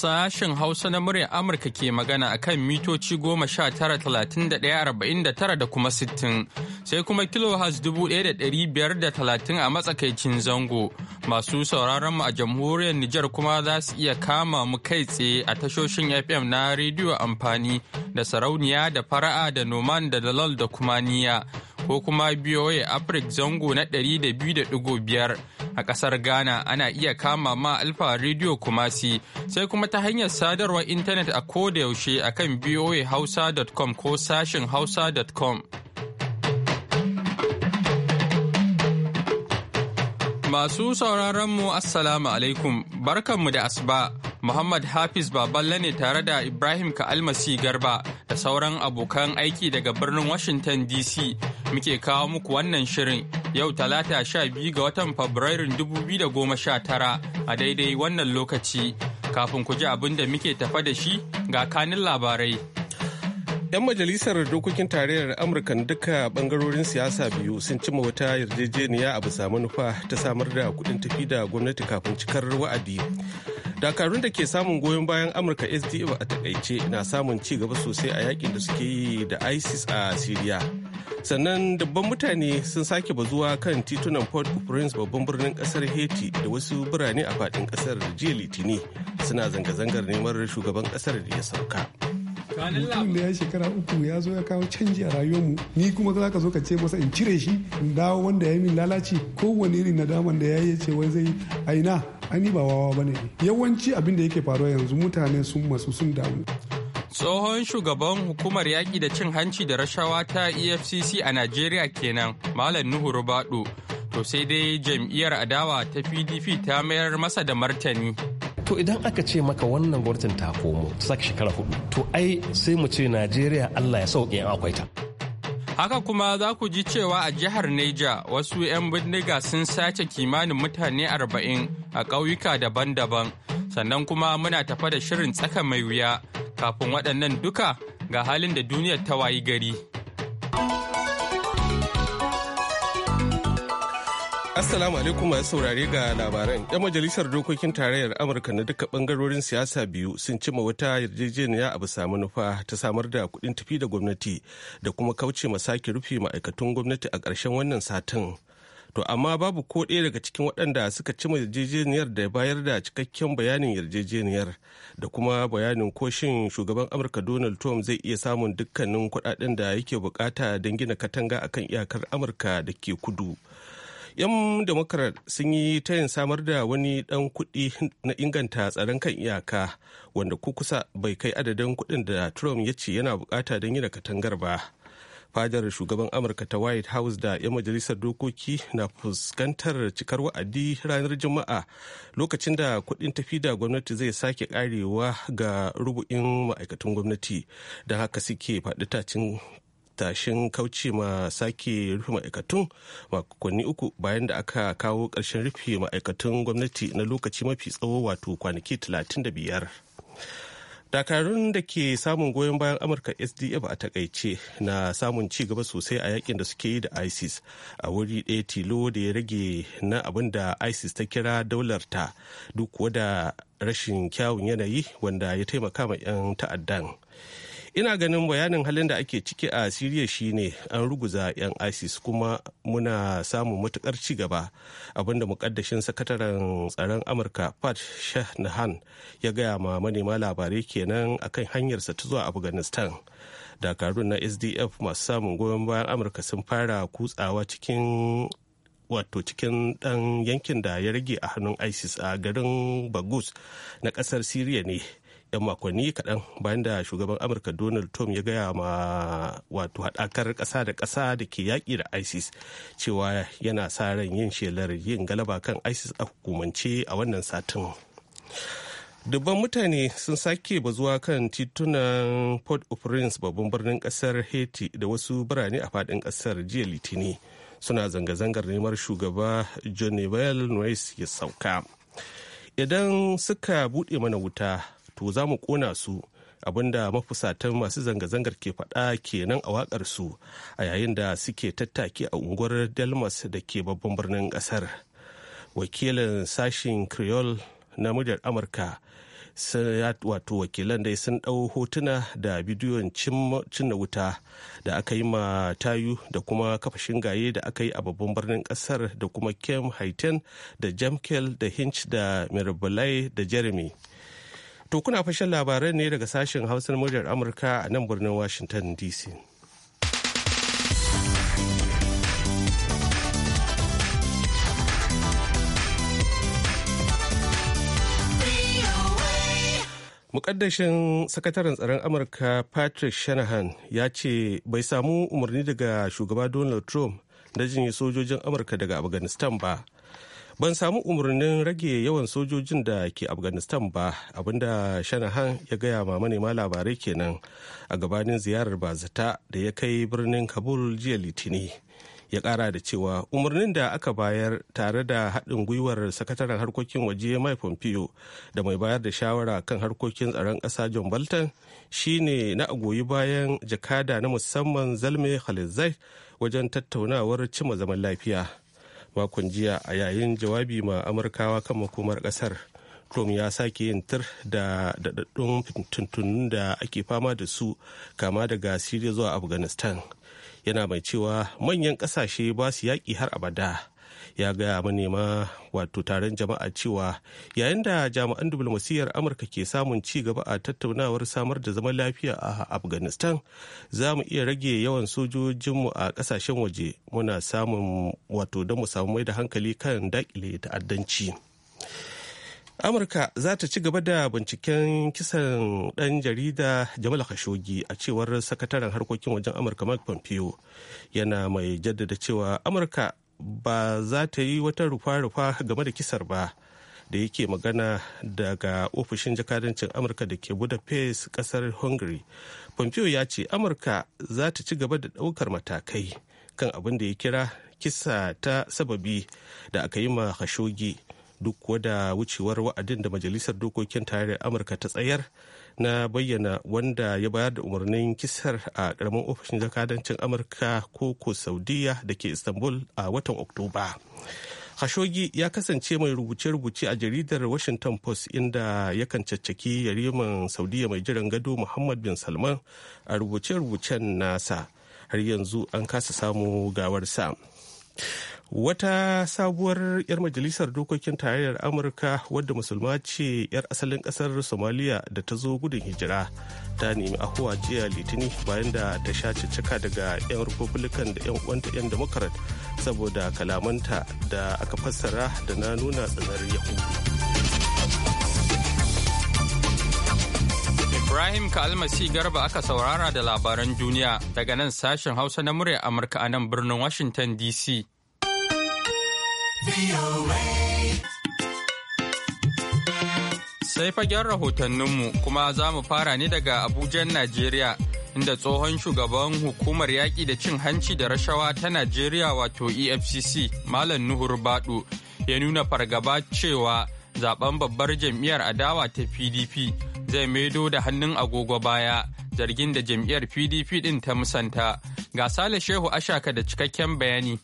sashen Hausa na muryar Amurka ke magana a kan mitoci goma sha tara talatin da ɗaya arba'in da tara da kuma sittin sai kuma has dubu ɗaya da ɗari biyar da talatin a matsakaicin zango masu sauraron mu a jamhuriyar Nijar kuma za su iya kama mu kai tsaye a tashoshin FM na rediyo amfani da sarauniya da fara'a da noman da dalal da kuma niya. ko kuma BOA Africa zango na 200.5 a ƙasar Ghana ana iya kama ma Alfa Radio Kumasi sai kuma ta hanyar sadarwar intanet a kodayaushe a kan boahausa.com ko sashin hausa.com. Masu sauraron mu Assalamu alaikum, barkanmu da asuba. Muhammad Hafiz Baballe ne tare da Ibrahim Ka'almasi Garba da sauran abokan aiki daga birnin Washington DC muke kawo muku wannan shirin yau talata sha biyu ga watan Fabrairun 2019 a daidai wannan lokaci. Kafin ku ji abin da muke tafa da shi ga kanin labarai. 'Yan majalisar dokokin tarayyar Amurka duka bangarorin siyasa biyu sun cimma wata yarjejeniya a bisa manufa ta samar da kudin tafi da gwamnati kafin cikar wa'adi. Dakarun da ke samun goyon bayan Amurka SDF a takaice na samun ci gaba sosai a yakin da suke yi da ISIS a Siriya. Sannan dabban mutane sun sake bazuwa kan titunan Port-au-Prince babban birnin kasar Haiti da wasu birane a faɗin kasar jiya Litini suna zanga-zangar neman shugaban kasar da ya sauka. mutum da ya shekara uku ya zo ya kawo canji a rayuwar mu ni kuma za ka zo ka ce masa in cire shi in dawo wanda ya yi min lalaci kowane irin nadaman da ya yi ce wai zai aina ani ba wawa bane yawanci abin da yake faruwa yanzu mutane sun masu sun damu tsohon shugaban hukumar yaƙi da cin hanci da rashawa ta efcc a najeriya kenan malam nuhu rubado to sai dai jam'iyyar adawa ta pdp ta mayar masa da martani to idan aka ce maka wannan gwamnatin ta komo ta shekara hudu to ai sai mu ce najeriya allah ya sauke akwai ta haka kuma za ku ji cewa a jihar neja wasu 'yan bindiga sun sace kimanin mutane arba'in a ƙauyuka daban-daban sannan kuma muna tafa da shirin tsaka mai wuya kafin waɗannan duka ga halin da duniyar ta wayi gari. Assalamu alaikum masu saurare ga labaran. 'Yan majalisar dokokin tarayyar Amurka na duka bangarorin siyasa biyu sun cima wata yarjejeniya a bisa manufa ta samar da kuɗin tafi da gwamnati da kuma kauce sake rufe ma'aikatun gwamnati a ƙarshen wannan satin. To amma babu ko ɗaya daga cikin waɗanda suka cima yarjejeniyar da bayar da cikakken bayanin yarjejeniyar da kuma bayanin ko shin shugaban Amurka Donald Trump zai iya samun dukkanin kuɗaɗen da yake bukata don gina katanga akan iyakar Amurka da ke kudu. 'yan democrat sun yi tayin samar da wani dan kuɗi na inganta tsaron kan iyaka wanda kusa bai kai adadin kuɗin da trump ya ce yana bukata don da katangar ba fadar shugaban amurka ta white house da 'yan majalisar dokoki na fuskantar cikar wa'adi ranar juma'a lokacin da kuɗin tafi da gwamnati zai sake karewa ga rubu'in ma'aikatan gwamnati da haka suke faɗi tashin kauce ma sake rufe ma'aikatun makonni uku bayan da aka kawo ƙarshen rufe ma'aikatun gwamnati na lokaci mafi tsawo wato kwanaki 35 dakarun da ke samun goyon bayan amurka sdf a takaice na samun ci gaba sosai a yakin da suke yi da isis a wuri ɗaya tilo da ya rage na abin da isis ta kira daularta duk wada rashin kyawun yanayi wanda ya taimaka ma 'yan ta'addan ina ganin bayanin halin da ake ciki a siriya shine an ruguza 'yan isis kuma muna samun matukar gaba abinda mukaddashin sakataren tsaron amurka pat shahnahan ya gaya ma manema labarai kenan akan hanyarsa ta zuwa afghanistan dakarun na sdf masu samun goyon bayan amurka sun fara kutsawa cikin wato cikin dan yankin da ya rage a hannun isis a garin bagus na kasar siriya ne 'yan makonni kaɗan bayan da shugaban amurka donald trump ya gaya ma wato haɗakar ƙasa da ƙasa da ke yaƙi da isis cewa yana sa ran yin shelar yin galaba kan isis a hukumance a wannan satin dubban mutane sun sake bazuwa kan titunan port au prince babban birnin ƙasar haiti da wasu birane a faɗin ƙasar jiya litini suna zanga-zangar neman shugaba john ya sauka idan suka buɗe mana wuta to za mu kona su abinda mafusatan masu zanga-zangar ke faɗa kenan a wakar su a yayin da suke tattaki a unguwar delmas da ke babban birnin ƙasar wakilin sashen creole na muryar amurka wato wakilan dai sun ɗau hotuna da bidiyon cinna wuta da aka yi ma tayu da kuma kafa shingaye da aka yi a babban birnin ƙasar da kuma kem haiten da jamkel da hinch da mirabalai da jeremy To kuna fashin labaran ne daga sashen Hausar muryar Amurka a nan birnin Washington DC. Mukaddashin sakataren tsaron Amurka Patrick Shanahan ya ce bai samu umarni daga shugaba Donald Trump na jinye sojojin Amurka daga Afghanistan ba. ban samu umarnin rage yawan sojojin da ke afghanistan ba abinda shanahan ya gaya ma manema labarai kenan a gabanin ziyarar bazata da ya kai birnin kabul jiya litini ya kara da cewa umarnin da aka bayar tare da haɗin gwiwar sakataren harkokin waje mai pompeo da mai bayar da shawara kan harkokin tsaron ƙasa john bolton shine na a goyi bayan jakada na musamman zalme zai wajen tattaunawar cima zaman lafiya makon jiya a yayin jawabi ma amurkawa kan makomar kasar trump ya sake yin tir da daɗaɗɗun tuntunin da ake fama da su kama daga siriya zuwa afghanistan yana mai cewa manyan ƙasashe ba su yaƙi har abada ya gaya manema wato taron jama'a cewa yayin da jami'an diplomasiyyar amurka ke samun ci gaba a tattaunawar samar da zaman lafiya a afghanistan za mu iya rage yawan sojojinmu a kasashen waje muna samun wato don mu samu mai da hankali kan dakile ta'addanci amurka za ta ci gaba da binciken kisan ɗan jarida jamal khashoggi a cewar sakataren harkokin wajen amurka mike pompeo yana mai jaddada cewa amurka ba za ta yi wata rufa-rufa game da kisar ba da yake magana daga ofishin jakadancin amurka da ke budapest kasar hungary pompeo ya ce amurka za ta ci gaba da ɗaukar matakai kan abin da ya kira kisa ta sababi da aka yi ma hashogi duk da wucewar wa'adin da majalisar dokokin tarayyar amurka ta tsayar na bayyana wanda ya bayar da umarnin kisar a karamin ofishin jakadancin amurka koko saudiya da ke istanbul a watan oktoba hashogi ya kasance mai rubuce-rubuce a jaridar washington post inda yakan caccaki yariman saudiya mai jiran gado muhammad bin salman a rubuce-rubucen nasa har yanzu an kasa samu gawarsa wata sabuwar 'yar majalisar dokokin tarayyar amurka wadda musulma ce 'yar asalin kasar somaliya da ta zo gudun hijira ta nemi ahuwa jiya litini bayan da ta sha cicika daga 'yan republican da 'yan uwanta 'yan democrat saboda kalamanta da aka fassara da na nuna tsanar yahudu Ibrahim Kalmasi Garba aka saurara da labaran duniya daga nan sashen Hausa na murya Amurka a nan birnin Washington DC. Sai fagen rahotanninmu kuma za mu fara ne daga Abujan Najeriya inda tsohon shugaban hukumar yaƙi da cin hanci da rashawa ta Najeriya wato EFCC Malam Nuhur Baɗo ya nuna fargaba cewa zaben babbar jam'iyyar adawa ta PDP zai maido da hannun agogo baya zargin da jam'iyyar PDP ɗin ta musanta. Ga Sale Shehu Ashaka da cikakken bayani.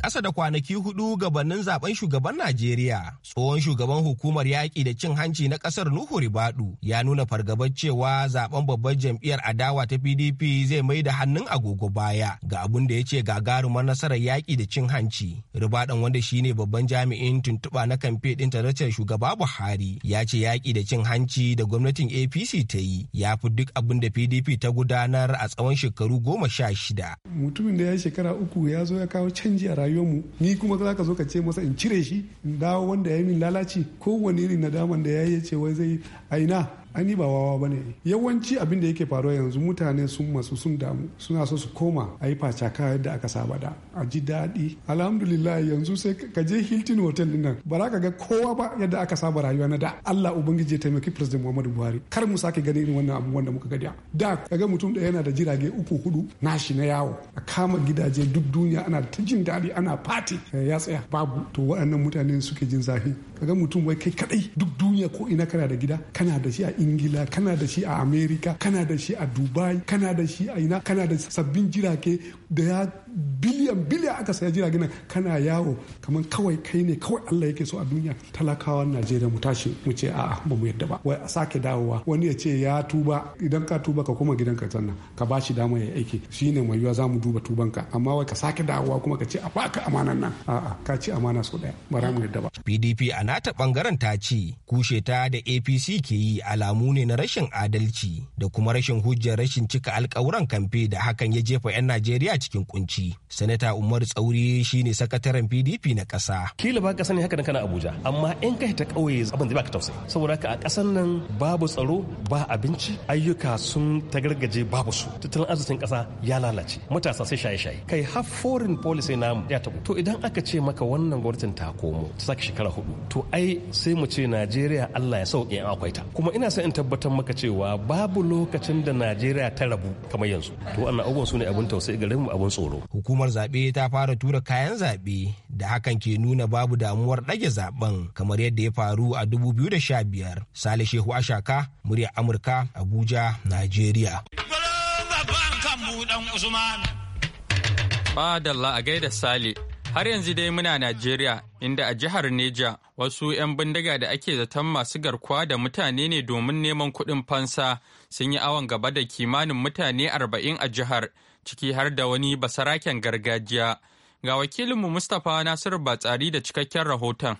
Ƙasa da kwanaki hudu gabanin zaben shugaban Najeriya, tsohon shugaban hukumar yaƙi da cin hanci na ƙasar Nuhu Ribadu ya nuna fargabar cewa zaben babbar jam'iyyar adawa ta PDP zai mai da hannun agogo baya ga abin da ya ce gagarumar nasarar yaƙi da cin hanci. Ribadan wanda shine babban jami'in tuntuɓa na kamfe ɗin tarar shugaba Buhari ya ce yaƙi da cin hanci da gwamnatin APC ta yi ya fi duk abin da PDP ta gudanar a tsawon shekaru goma sha shida. Mutumin da ya shekara uku ya zo ya kawo canji a rayuwarmu ni kuma za ka zo ka ce masa in cire shi in dawo wanda ya yi min lalaci kowane irin nadaman da ya yi ce wai zai aina ani ba wawa bane yawanci abin da yake faruwa yanzu mutane sun masu sun damu suna so su koma a yi facaka yadda aka saba da a ji daɗi alhamdulillah yanzu sai ka je hilton hotel din nan ba za ka ga kowa ba yadda aka saba rayuwa na da allah ubangiji ya taimaki president muhammadu buhari kar mu sake ganin irin wannan abubuwan da muka ga da ga mutum ɗaya yana da jirage uku hudu nashi na yawo a kama gidaje duk duniya ana ta jin daɗi ana fati ya tsaya babu to waɗannan mutane suke jin zafi kaga mutum wai kai kadai duk duniya ko ina kana da gida kana da shi a ingila kana da shi a amerika kana da shi a dubai kana da shi a ina kana da sabbin jirage da ya biliyan biliyan aka saya jirage nan kana yawo kamar kawai kai ne kawai allah yake so a duniya talakawan najeriya mu tashi mu ce a'a ba mu yadda ba wai a sake dawowa wani ya ce ya tuba idan ka tuba ka koma gidanka sannan ka ba shi dama ya aiki shine mai yiwa za mu duba tubanka amma wai ka sake dawowa kuma ka ce a baka amanan nan a'a ka ci amana so daya ba mu yadda ba pdp a nata bangaren ta ce kushe ta da apc ke yi alamu ne na rashin adalci da kuma rashin hujjar rashin cika alkawuran kamfe da hakan ya jefa 'yan najeriya cikin kunci sanata umar tsauri shine sakataren pdp na ƙasa kila ba ƙasa ne haka kana abuja amma in kai ta kauye abin da baka tausayi saboda haka a ƙasan nan babu tsaro ba abinci ayyuka sun ta tagargaje babu su tattalin arzikin ƙasa ya lalace matasa sai shaye-shaye kai har foreign policy na ya tabu to idan aka ce maka wannan gwamnatin ta komo ta saki shekara hudu to to ai sai mu ce najeriya allah ya sauke in akwai ta kuma ina son in tabbatar maka cewa babu lokacin da najeriya ta rabu kamar yanzu to wannan abubuwan su ne abin tausayi gare mu abin tsoro hukumar zaɓe ta fara tura kayan zaɓe da hakan ke nuna babu damuwar ɗage zaɓen, kamar yadda ya faru a 2015 sale shehu ashaka murya amurka abuja najeriya da a gaida Sale Har yanzu dai muna Najeriya inda a jihar Neja wasu 'yan bindiga da ake zaton masu garkuwa da mutane ne domin neman kuɗin fansa sun yi awon gaba da kimanin mutane arba'in a jihar ciki har da wani basaraken gargajiya. Ga wakilinmu Mustapha Nasiru Batsari da cikakken rahoton.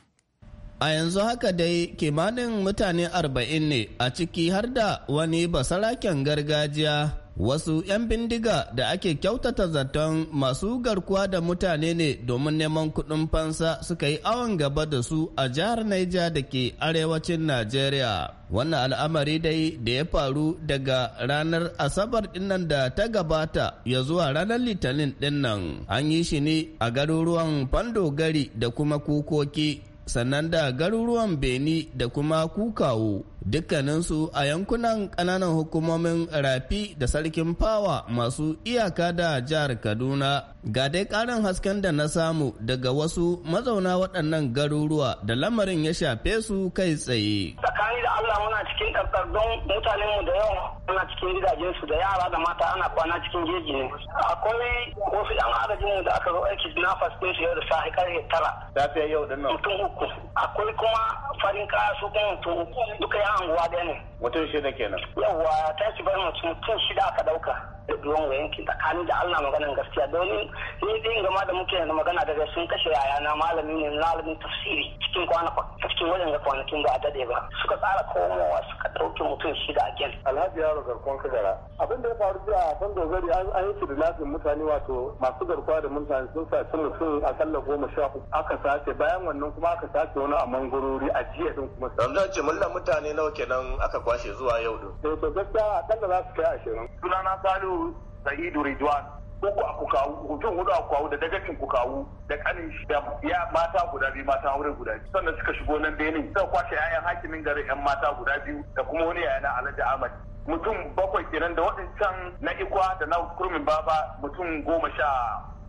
A yanzu haka dai kimanin mutane arba'in ne a ciki har da wani basaraken gargajiya Wasu 'yan bindiga da ake kyautata zaton masu garkuwa da mutane ne domin neman kuɗin fansa suka yi awon gaba da su a jihar Naija da ke arewacin Najeriya. Wannan al'amari dai da ya faru daga ranar Asabar dinnan da ta gabata ya zuwa ranar Litinin dinnan an yi shi ne a garuruwan fandogari Gari da kuma Kukoki sannan da garuruwan Beni da kuma Kukawo dukkaninsu a yankunan kananan hukumomin rafi da sarkin fawa masu iyaka da jihar kaduna ga dai ƙarin hasken da na samu daga wasu mazauna waɗannan garuruwa da lamarin ya shafe su kai tsaye tsakani da allah muna cikin ɗarɗardun mutanenmu da yawa ana cikin gidajen su da yara da mata ana kwana cikin jeji ne akwai wasu yan agajin da aka zo aiki na fasfin su yau da sahi karfe tara lafiya yau din nan mutum uku akwai kuma farin kaya su kuma mutum uku duka ya anguwa da ne mutum shida kenan yawwa ta ci bari mutum mutum shida aka dauka da duwan wayan ki tsakanin da Allah maganin gaskiya domin ni din gama da muke da magana daga sun kashe yayana malami ne n'a malamin tafsiri cikin kwana cikin wajen da kwanakin ba a dade ba suka tsara komowa suka dauke mutum shida a gen alhaji yaro fara garkon kagara abin da ya faru a san dogari an yi kidnapping mutane wato masu garkuwa da mutane sun sace mutum akalla goma sha uku aka sace bayan wannan kuma aka sace wani a mangurori a jiya din kuma sa. yanzu ce mulla mutane nawa kenan aka kwashe zuwa yau din eh, to gaskiya akalla za su kai ashirin sunana Salihu Sa'idu Ridwan uku a kukawu hutun hudu a kukawu da dagacin kukawu da kanin shi da ya mata guda biyu mata aure guda biyu sannan suka shigo nan benin suka kwashe 'ya'yan hakimin garin 'yan mata guda biyu da kuma wani yaya na alhaji ahmad mutum bakwai kenan da waɗancan na ikwa da na kurmin baba mutum goma sha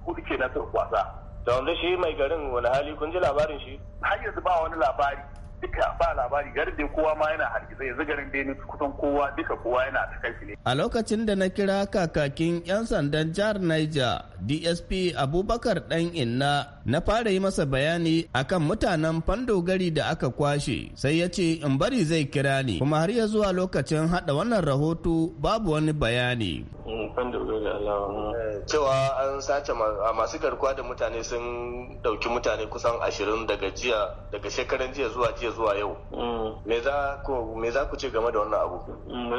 hudu kenan na kwasa. da wanda shi mai garin wani hali kun ji labarin shi har yanzu ba wani labari duka ba labari garin da kowa ma yana hargitsa yanzu garin Benin kusan kowa duka kowa yana ta kai ne. A lokacin da na kira kakakin 'yan sandan jihar Niger DSP Abubakar Dan Inna na fara yi masa bayani akan mutanen fandogari da aka kwashe sai ya ce in bari zai kira ni kuma har ya zuwa lokacin hada wannan rahoto babu wani bayani. Mm, eh. Cewa an sace masu garkuwa da mutane sun dauki mutane kusan ashirin daga jiya daga shekaran jiya zuwa jiya zuwa yau mm. me za ku me za ku ce game da wannan abu mm,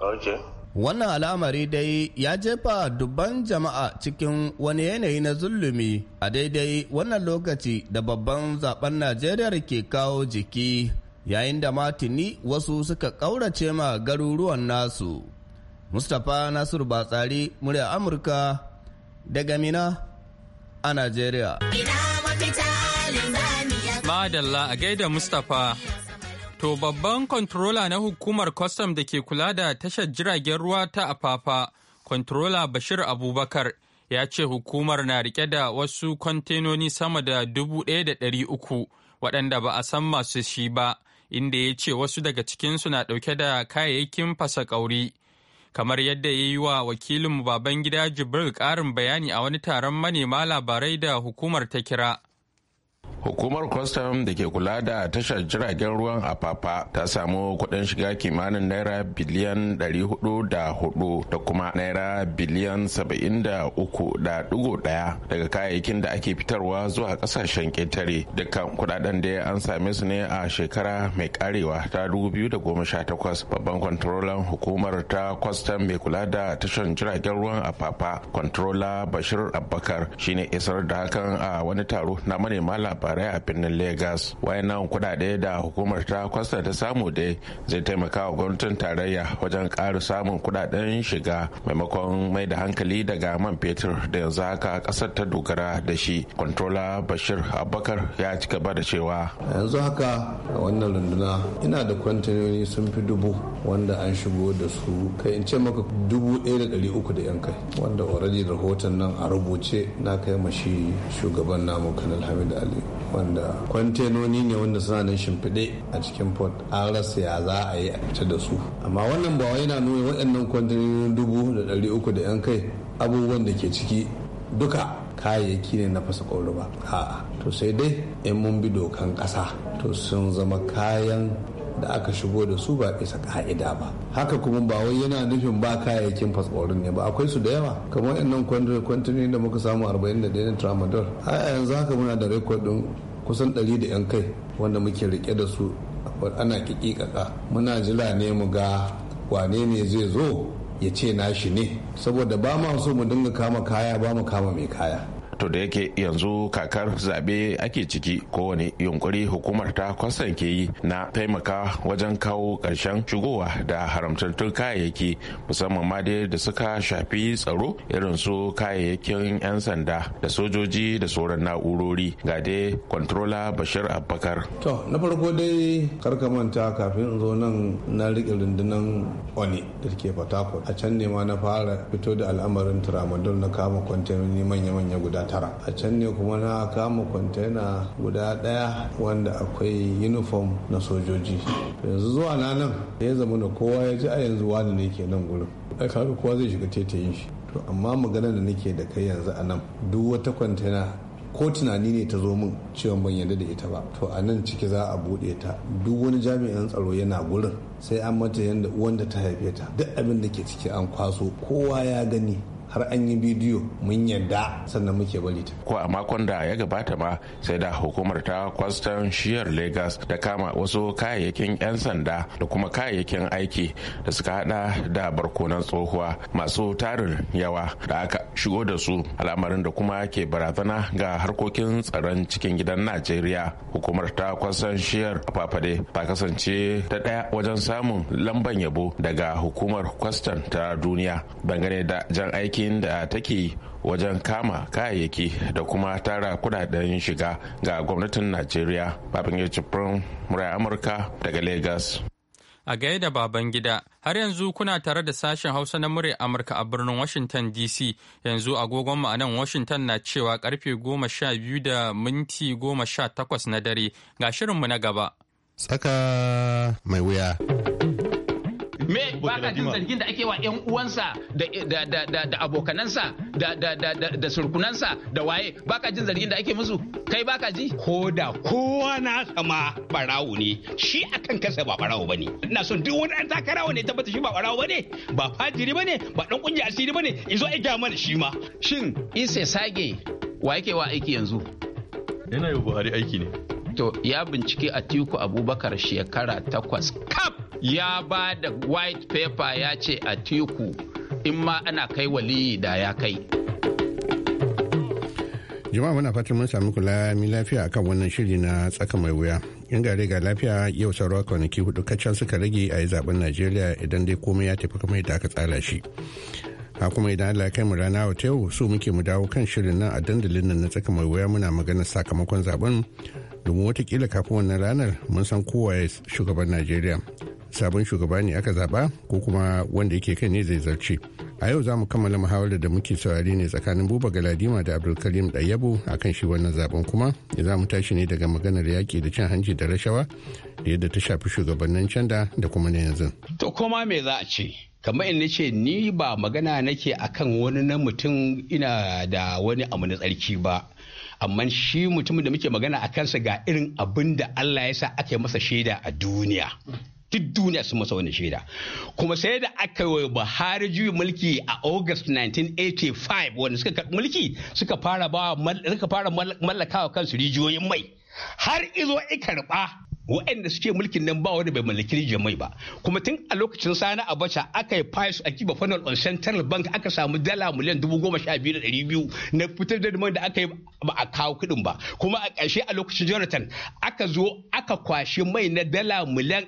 okay wannan al'amari dai ya jefa dubban jama'a cikin wani yanayi na zulumi a daidai wannan lokaci da babban zaben najeriya ke kawo jiki yayin da matini wasu suka ƙaurace ma garuruwan nasu mustapha nasiru batsari murya amurka daga mina a najeriya Madalla a gaida Mustapha. To babban kontrola na hukumar kwastam da ke kula da tashar jiragen ruwa ta afafa, kontrola Bashir Abubakar ya ce hukumar na rike da wasu kwantenoni sama da dubu ɗaya da ɗari uku waɗanda ba a san masu shi ba, inda ya ce wasu daga cikinsu na ɗauke da kayayyakin fasa ƙauri. Kamar yadda ya yi wa wakilinmu baban gida Jibril ƙarin bayani a wani taron manema labarai da hukumar ta kira. hukumar kwastam da ke kula da tashar jiragen ruwan afafa ta samu kuɗin shiga kimanin naira biliyan 404 da kuma naira biliyan 73.1 daga kayayyakin da ake fitarwa zuwa kasashen ketare dukkan kudaden da an same su ne a shekara mai karewa ta 2018 babban kwantarolan hukumar ta kwastam mai kula da tashar jiragen ruwan afafa kwantarola bashir abubakar shine isar da hakan a wani taro na manema labarai a birnin lagos wayannan kuɗaɗe da hukumar ta kwasta ta samu dai zai taimaka wa gwamnatin tarayya wajen ƙara samun kuɗaɗen shiga maimakon mai da hankali daga man fetur da yanzu haka ƙasar ta dogara da shi kwantola bashir abubakar ya ci gaba da cewa yanzu haka a wannan runduna ina da kwantenoni sun fi dubu wanda an shigo da su kai in ce maka dubu ɗaya da ɗari uku da yan kai wanda already rahoton nan a rubuce na kai mashi shugaban namu kanal hamid ali wanda kwantenoni ne wanda suna nan shimfiɗe a cikin port an rasa ya za a yi a fita da su amma wannan ba wai na nuna waɗannan kwantenoni dubu da ɗari uku da yan kai abubuwan da ke ciki duka kayayyaki ne na fasa ƙoro ba a'a to sai dai in mun bi dokan ƙasa to sun zama kayan da aka shigo da su ba bisa ka'ida ba haka kuma ba wai yana nufin ba kayayyakin fasforin ne ba akwai su da yawa kamar yannan kwantini da muka samu da dainin tramadol a yanzu haka muna da rekod kusan 100 da yan kai wanda muke rike da su ana kikikaka muna jira ne mu ga wane ne zai zo ya ce nashi ne saboda ba ma so mu dinga kama kaya ba mu kama mai kaya to da yake yanzu kakar zaɓe ake ciki kowane yunkuri hukumar ta kwasan ke yi na taimaka wajen kawo ƙarshen shigowa da haramtattun kayayyaki musamman ma dai da suka shafi tsaro irin su kayayyakin 'yan sanda da sojoji da sauran na'urori ga dai kwantrola bashir abbakar to na farko dai manta kafin zo nan na riƙe rundunan oni da ke fatakul a can ne ma na fara fito da al'amarin tramadol na kama kwantenoni manya-manya guda tara a can ne kuma na kama kwantena guda daya wanda akwai uniform na sojoji yanzu zuwa na nan ya zama na kowa ya ji a yanzu wani ne ke nan gurin ai kowa zai shiga tetayin shi to amma maganar da nake da kai yanzu a nan duk wata kwantena ko tunani ne ta zo min cewa ban yarda da ita ba to a nan ciki za a buɗe ta duk wani jami'in tsaro yana gurin sai an mata yadda uwan da ta haife ta duk abin da ke ciki an kwaso kowa ya gani har an yi bidiyo mun yadda sannan muke bari ta ko a makon da ya gabata ma sai da hukumar ta kwastan shiyar lagos ta kama wasu kayayyakin 'yan sanda da kuma kayayyakin aiki da suka hada da barkonan tsohuwa masu tarin yawa da aka shigo da su al'amarin da kuma ke barazana ga harkokin tsaron cikin gidan najeriya hukumar ta kwastan shiyar fafade ta kasance ta daya wajen samun lamban yabo daga hukumar kwastan ta duniya dangane da jan aiki aikin da take wajen kama kayayyaki da kuma tara kudaden shiga ga gwamnatin najeriya babangida cifrin murai amurka daga lagos a gaida baban gida har yanzu kuna tare da sashen hausa na Murai amurka a birnin washington dc yanzu agogon a nan washington na cewa karfe goma sha biyu da minti goma sha takwas na dare ga shirinmu na gaba tsaka mai wuya me ba ka jin zargin da ake wa yan uwansa da abokanansa da surkunansa da waye ba ka jin zargin da ake musu kai ba ka ji ko da kowa na sama barawo ne shi akan kansa ba barawo bane ina son duk wani an takarawa ne tabbata shi ba barawo bane ba fajiri bane ba dan kungiya asiri bane izo ai ga mana shi ma shin sai sage wa yake wa aiki yanzu yana yi buhari aiki ne to ya bincike atiku abubakar shekara takwas kap ya ba da white paper ya ce a teku in ma ana kai waliyi da ya kai jama'a muna fatan mun sami kula mi lafiya akan wannan shiri na tsaka mai wuya in gare ga lafiya yau sauran kwanaki hudu kacal suka rage a yi zaben najeriya idan dai komai ya tafi kamar yadda aka tsara shi ha kuma idan Allah ya kai mu rana wa yau su muke mu dawo kan shirin nan a dandalin nan na tsaka mai wuya muna magana sakamakon zaben domin watakila kafin wannan ranar mun san kowa ya shugaban Najeriya sabon shugaba ne aka zaba ko kuma wanda yake kai ne zai zarce a yau za mu kammala muhawarar da muke saurari ne tsakanin buba galadima da abdulkarim a kan shi wannan zaben kuma za mu tashi ne daga maganar yaƙi da cin hanci da rashawa da yadda ta shafi shugabannin canda da kuma na yanzu to koma me za a ce kamar in nace ni ba magana nake akan wani na mutum ina da wani abu na tsarki ba amma shi mutumin da muke magana a kansa ga irin abin da Allah ya sa ake masa shaida a duniya duk duniya sun masa wani shaida kuma sai da aka yi buhari juyin mulki a august 1985 wanda suka karɓi mulki suka fara mallakawa kansu rijiyoyin mai har izo i waɗanda suke mulkin nan ba wanda bai mallaki rijiyar mai ba kuma tun a lokacin sana abacha aka yi price a kiba funnel on central bank aka samu dala miliyan dubu goma sha biyu da ɗari biyu na fitar da da aka yi ba a kawo kuɗin ba kuma a ƙarshe a lokacin jonathan aka zo aka kwashe mai na dala miliyan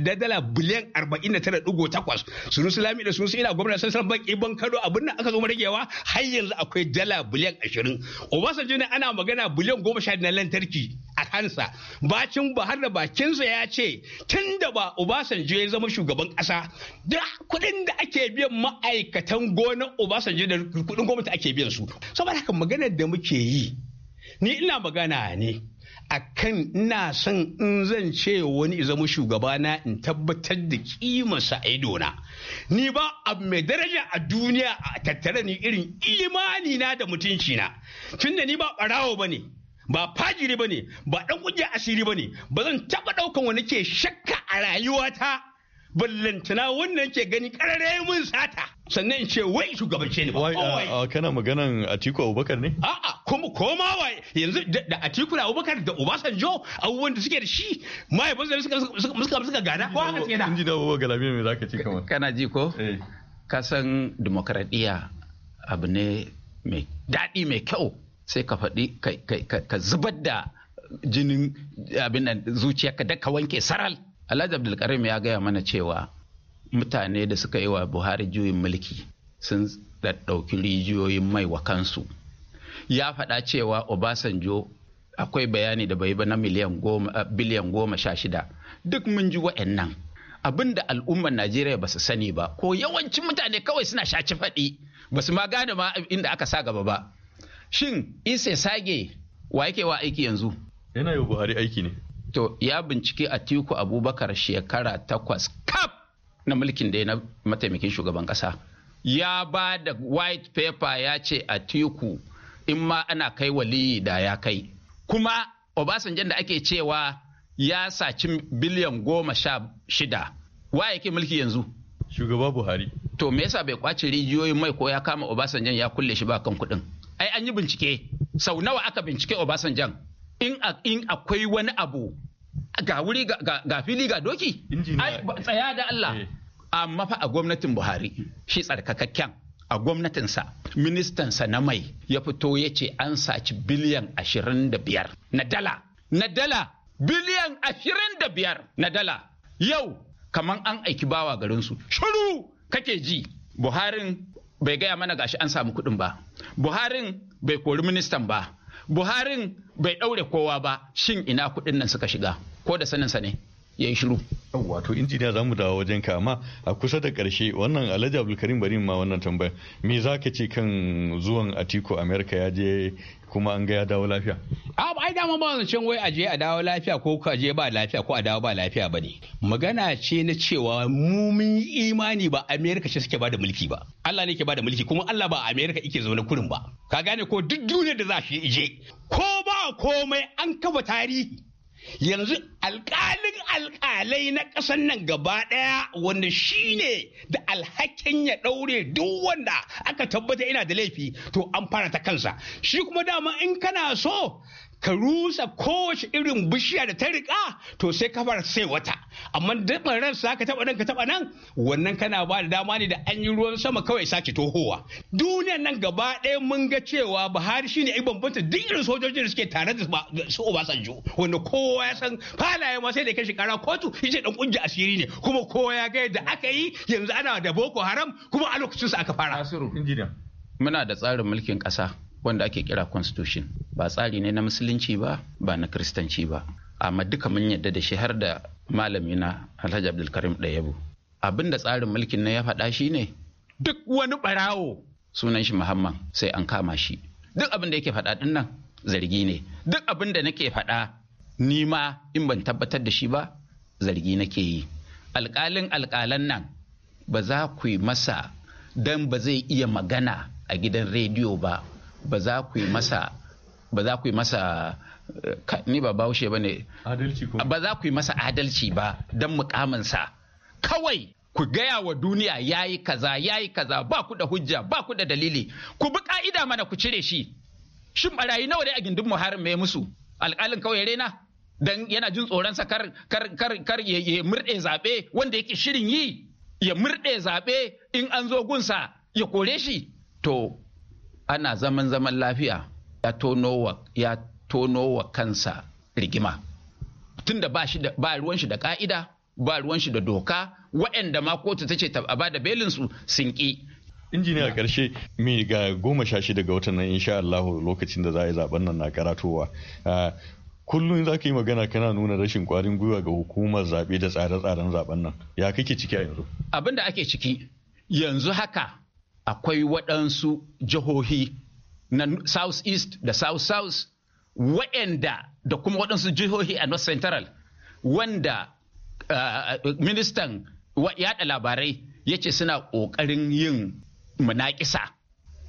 na dala biliyan arba'in da tara ɗigo takwas sunu sulami da sunu ina gwamnan central bank iban kado abin nan aka zo maragewa har yanzu akwai dala biliyan ashirin obasanjo ne ana magana biliyan goma sha na lantarki a kansa bacin buhar da bakinsa ya ce tun da ba obasanjo ya zama shugaban kasa da kuɗin da ake biyan ma'aikatan gonar obasanjo da kuɗin gwamnati ake biyan su saboda haka magana da muke yi ni ina magana ne A kan ina son in zan ce wani zama shugaba na in tabbatar da kimarsa a idona ni ba abu mai daraja a duniya a tattare ni irin imani na da mutunci na tunda ni ba ɓarawo ba ne ba fajiri ba ne ba ɗan ƙungiyar asiri ba ne ba zan taɓa ɗaukan wani ke shakka a rayuwata ballantana wannan ke gani karare mun sata sannan in ce wai shugabance ne ba kana maganan Atiku Abubakar ne a'a kuma koma wai yanzu da Atiku da Abubakar da Obasanjo abubuwan da suke da shi mai ban suka suka suka gada ko haka suke da inji da Abubakar Galami mai zaka ci kamar kana ji ko eh. ka san demokradiya abu ne mai daɗi mai kyau sai ka faɗi ka zubar da jinin abin da zuciyarka da ka wanke saral alhaji abdulkarim ya gaya mana cewa mutane da suka yi wa buhari juyin mulki sun ɗauki rijiyoyin mai wa kansu ya faɗa cewa obasanjo akwai bayani da bai ba na miliyan eh, biliyan goma sha shida duk mun ji wa'annan abin da al'ummar najeriya ba su sani ba ko yawancin mutane kawai suna shaci faɗi ba su ma gane ma inda aka sa gaba ba shin isa sage wa yake wa aiki yanzu yana yi buhari aiki ne to ya bincike tiku abubakar shekara takwas kaf na mulkin da na mataimakin shugaban kasa ya ba da white paper ya ce a tiku in ma ana kai waliyi da ya kai kuma obasanjan da ake cewa ya saci biliyan goma sha shida wa yake mulki yanzu shugaba buhari to me yasa bai kwace rijiyoyin mai ko ya kama obasanjan ya kulle shi ba kan kuɗin ai an yi bincike sau nawa aka bincike obasanjan in in akwai wani abu ga wuri ga fili ga doki ai tsaya da Allah eh. amma fa a gwamnatin Buhari shi tsarkakakken a gwamnatinsa ministansa na mai ya fito ya ce an saci biliyan 25 na dala na dala biliyan 25 na dala yau kaman an aiki bawa garinsu shiru kake ji buharin bai gaya mana gashi an samu kuɗin ba buharin bai kori ministan ba buharin bai ɗaure kowa ba shin ina kuɗin nan suka shiga ko da saninsa ne ya yi shiru. wato injiniya za mu dawo wajen ka amma a kusa da karshe wannan alhaji abdulkarim bari ma wannan tambaya me za ka ce kan zuwan atiku amerika ya je kuma an ga ya dawo lafiya. a ai dama ba zancen wai je a dawo lafiya ko ka je ba lafiya ko a dawo ba lafiya ba ne magana ce na cewa mu mun imani ba amerika ce suke bada mulki ba allah ne ke bada mulki kuma allah ba amerika ike zaune kurin ba ka gane ko duk duniyar da za shi ije ko ba komai an kafa tarihi yanzu alkalin alkalai na ƙasar nan gaba ɗaya wanda shi ne da alhakin ya ɗaure duk wanda aka tabbata ina da laifi to an fara ta kansa shi kuma dama in kana so ka rusa kowace irin bishiya da ta riƙa to sai ka fara sai wata amma daɓin ran sa ka taɓa nan ka taɓa nan wannan kana ba da dama ne da an yi ruwan sama kawai sake tohowa duniyan nan gaba ɗaya mun ga cewa Buhari shine ai bambanta duk irin sojojin da suke tare da su Obasanjo wanda kowa ya san falaye ma sai da kai kara kotu yace dan kunja asiri ne kuma kowa ya ga yadda aka yi yanzu ana da Boko Haram kuma a lokacin sa aka fara muna da tsarin mulkin ƙasa wanda ake kira constitution ba tsari ne na musulunci ba ba na kristanci ba amma duka mun yadda da shi har da malami na alhaji abdulkarim yabo. abin da tsarin mulkin na ya faɗa shi ne duk wani barawo sunan shi muhammad sai an kama shi duk abin da yake faɗa ɗin nan zargi ne duk abin da nake faɗa ni ma in ban tabbatar da shi ba zargi nake yi alƙalin alƙalan nan ba za ku yi masa dan ba zai iya magana a gidan rediyo ba ba za ku yi masa ba za ku yi masa ni ba baushe ba ne ba za ku yi masa adalci ba don mukaminsa kawai ku gaya wa duniya ya yi kaza ya yi kaza ba ku da hujja ba ku da dalili ku bi ka'ida mana ku cire shi shin barayi nawa dai a gindin muharin mai musu alƙalin kawai rena dan yana jin tsoron sa kar kar kar ya murɗe zaɓe wanda yake shirin yi ya murɗe zaɓe in an zo gunsa ya kore shi to ana zaman zaman lafiya ya tono wa kansa rigima tunda da ba ruwan shi da ka'ida ba ruwan shi da doka waɗanda ma kotu ta ce ta ba da belin su sun ki injiniya karshe mi ga goma sha shida ga watan nan insha Allah lokacin da za a yi zaben nan na karatowa kullum za ka yi magana kana nuna rashin kwarin gwiwa ga hukumar zaɓe da tsare-tsaren zaben nan ya kake ciki a yanzu abin da ake ciki yanzu haka akwai waɗansu jihohi na south east da south south waɗanda da kuma waɗansu jihohi a north central wanda uh, ministan yaɗa labarai ya ce suna ƙoƙarin yin munaƙisa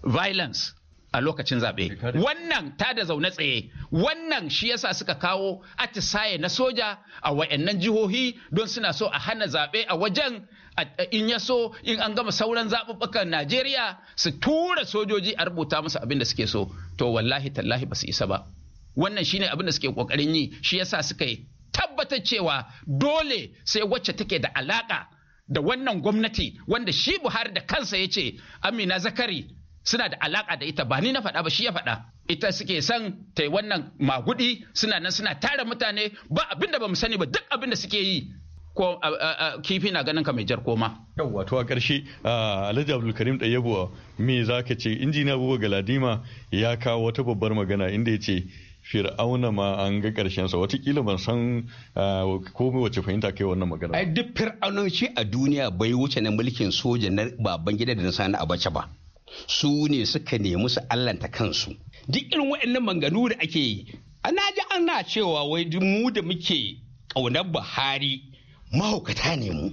violence a lokacin zaɓe wannan ta da zaune tsaye wannan shi yasa suka kawo atisaye na soja a wayannan jihohi don suna so a hana zaɓe a wajen in ya so in an gama sauran zaɓuɓɓukan najeriya su tura sojoji a rubuta musu abin da suke so to wallahi tallahi ba su isa ba wannan shi ne abin da suke ƙoƙarin yi shi yasa suka yi tabbatar cewa dole sai wacce take da alaƙa da wannan gwamnati wanda shi buhari da kansa ya ce amina zakari suna da alaƙa da ita ba ni na faɗa ba shi ya faɗa ita suke son ta yi wannan magudi suna nan suna tara mutane ba abin da ba mu sani ba duk abin da suke yi ko kifi na ganin ka mai jar koma. Yawwa to a ƙarshe Alhaji Abdulkarim Ɗayyabuwa me za ce injiniya Abubuwa Galadima ya kawo wata babbar magana inda ya ce fir'auna ma an ga ƙarshensa watakila ban san ko wace fahimta kai wannan magana. Ai duk fir'aunanci a duniya bai wuce na mulkin soja na baban gida da na sani abace ba. su ne suka nemi su allanta kansu duk irin waɗannan manganu da ake yi ana ji ana cewa wai mu da muke ƙaunar buhari mahaukata ne mu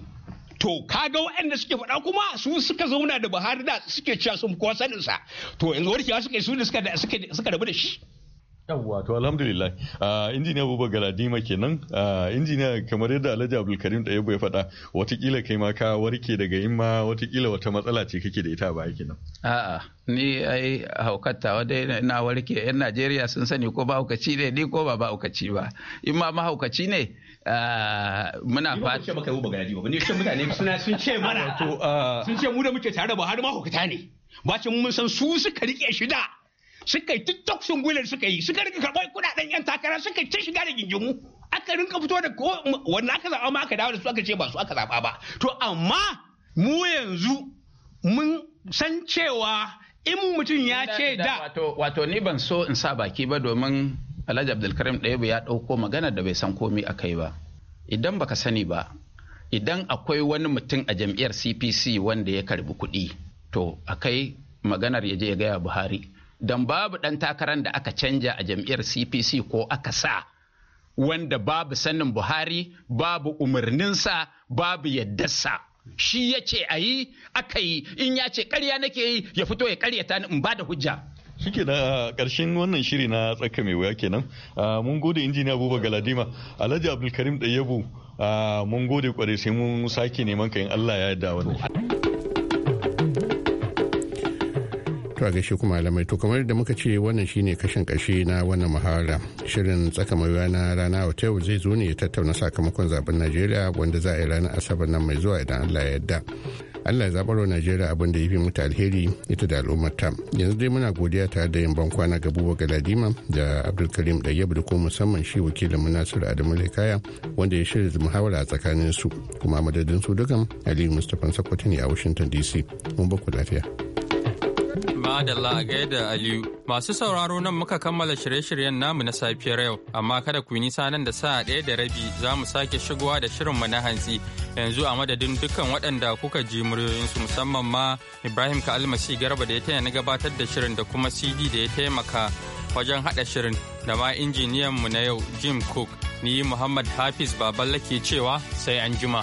to kaga waɗanda suke faɗa kuma su suka zauna da buhari da suke cewa sun saninsa to yanzu warkewa suka yi su da suka rabu da shi yawwa to alhamdulillah ah, injiniya abubakar galadima kenan ah, injiniya kamar yadda alhaji abdulkarim da ya faɗa watakila kai ma ka warke daga imma watakila wata matsala ce kake da ita ba kenan a'a ni ai haukata. dai yana warke yan najeriya sun sani ko ba haukaci ne ni ko ba ba haukaci ba in ma haukaci ne ah, muna fata maka yau bagadi ba ne shi mutane suna sun ce mana sun ce mu da muke tare da ma haukata ne ce mun san su suka rike shi da suka yi tiktok sun gwilin suka yi suka rika karɓar kuɗaɗen yan takara suka ta shiga da gingimu aka rinka fito da ko wannan aka zaɓa ma aka dawo da su aka ce ba su aka zaɓa ba to amma mu yanzu mun san cewa in mutum ya ce da wato ni ban so in sa baki ba domin Alhaji Abdulkarim Ɗayyabu ya ɗauko magana da bai san komai a kai ba idan baka sani ba idan akwai wani mutum a jam'iyyar CPC wanda ya karbi kuɗi to akai maganar ya je ya gaya Buhari don babu ɗan takarar da aka canja a jam'iyyar cpc ko aka sa wanda babu sanin buhari babu umarninsa babu yaddarsa shi ya ce a yi aka yi in ya ce karya nake yi ya fito ya karyata ni in ba da hujja shike da ƙarshen wannan shiri na tsaka mai wuya kenan mun gode injiniya Buba galadima alhaji abdulkarim ɗayyabu mun gode kwarai sai mun sake neman ka in allah ya yarda wani to a gaishe kuma alamai to kamar da muka ce wannan shine kashin kashe na wannan muhawara shirin tsaka mai rana rana wata zai zo ne ya tattauna sakamakon zaben najeriya wanda za a yi ranar asabar nan mai zuwa idan allah ya yarda allah ya zabarwa wa najeriya abin da ya fi mutu alheri ita da al'ummata yanzu dai muna godiya tare da yin bankwana ga buba galadima da abdulkarim da yabu da ko musamman shi wakilin munasir adamu kaya wanda ya shirya muhawara a tsakanin su kuma madadin su dukan aliyu mustapha sakwatin a washington dc mun baku lafiya. madalla a gaida Aliyu. Masu sauraro nan muka kammala shirye-shiryen namu na safiyar yau, amma kada ku yi nisa nan da sa'a ɗaya da rabi za mu sake shigowa da shirin mu na hantsi. Yanzu a madadin dukkan waɗanda kuka ji muryoyinsu musamman ma Ibrahim ka almasi Garba da ya taya na gabatar da shirin da kuma CD da ya taimaka wajen haɗa shirin da ma mu na yau Jim Cook. Ni Muhammad Hafiz Baballa ke cewa sai an jima.